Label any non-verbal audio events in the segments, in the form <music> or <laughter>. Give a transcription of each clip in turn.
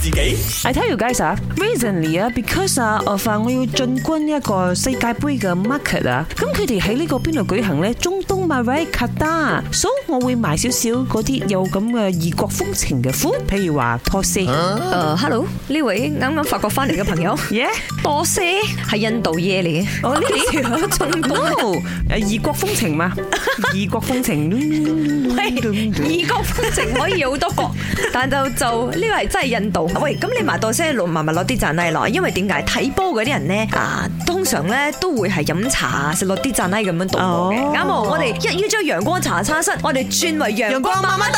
自己。I tell you guys 啊，recently 啊，because 啊，我發我要進軍一個世界杯嘅 market 啊，咁佢哋喺呢個邊度舉行咧？中東、馬來、卡達，So 我會買少少嗰啲有咁嘅異國風情嘅款，譬如話 Tosay。誒、uh,，hello，呢位啱啱法國翻嚟嘅朋友，耶，Tosay 係印度嘢嚟嘅。哦、oh,，呢條係中東，誒，異國風情嘛？異國風情，異 <laughs> 國風情， <laughs> 國風情可以好多國，但就就呢個係。喺印度，喂，咁你埋袋先，落慢慢落啲贊奶落，因為點解睇波嗰啲人咧啊，通常咧都會係飲茶食落啲贊奶咁樣度嘅。阿毛、oh.，我哋一要將陽光，陽光吧茶餐室，我哋轉為陽光慢慢檔。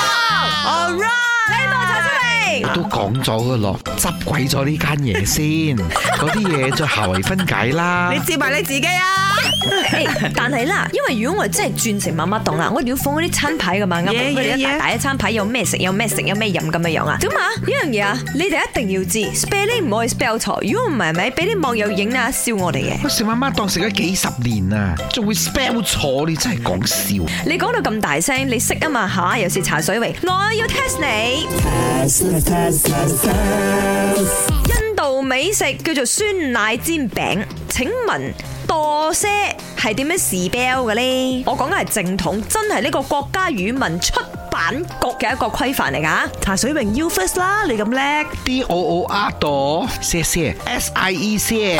你冇走出嚟。啊、我都講咗嘅咯，執鬼咗呢間嘢先這間，嗰啲嘢再下回分解啦。 <laughs> 你知埋你自己啊！但係啦，因為如果我真係轉成媽媽檔啦，我要放嗰啲餐牌噶嘛，啱啱我哋一打一餐牌，有咩食，有咩食，有咩飲咁嘅樣啊！咁啊呢樣嘢啊，你哋一定要知，spell 你唔可以 spell 錯。如果唔係咪俾啲網友影啊笑我哋嘅。我食媽媽檔食咗幾十年啊，仲會 spell 錯，你真係講笑。你講到咁大聲，你識啊嘛吓？又是茶水圍，我要 test 你。試試印度美食叫做酸奶煎餅，請問多些係點樣 spell 嘅呢？我講嘅係正統，真係呢個國家語文出版局嘅一個規範嚟噶吓。水泳 you first 啦，你咁叻，D O O R 哆些些 S I E 些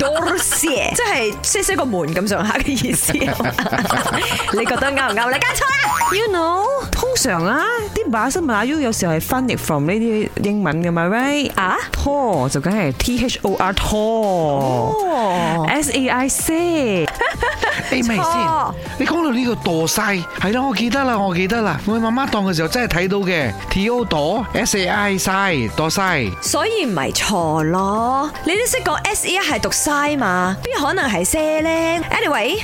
哆些，即係些些個門咁上下嘅意思。你覺得啱唔啱？你加錯啦，You know。常啦，啲馬斯馬爾有時候係翻譯 from 呢啲英文嘅嘛 y right 啊？Tall 就梗係 T H O R tall，S a C，你明唔明先？你講到呢個墮曬，係咯，我記得啦，我記得啦，我媽媽當嘅時候真係睇到嘅 T O 墮 S a I 曬墮所以唔係錯咯。你都識講 S E I 係讀曬嘛？邊可能係寫咧？Anyway。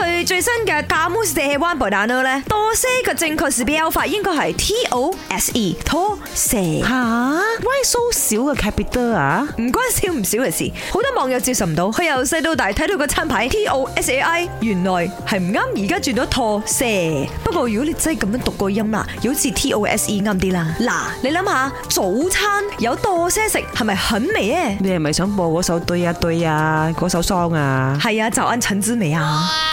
佢最新嘅《詹姆斯的彎步蛋》咧，e，多些嘅正確寫法應該係 T O S E 托蛇。吓？why so 少嘅 capital 啊？唔關少唔少嘅事，好多網友接受唔到佢由細到大睇到個餐牌 T O S A I，原來係唔啱，而家轉到托蛇。不過如果你真係咁樣讀個音啦，好似 T O S E 啱啲啦。嗱，你諗下早餐有多些食，係咪很味？誒？你係咪想播嗰首對啊對啊，嗰首 song 啊？係啊，早安陳之美啊！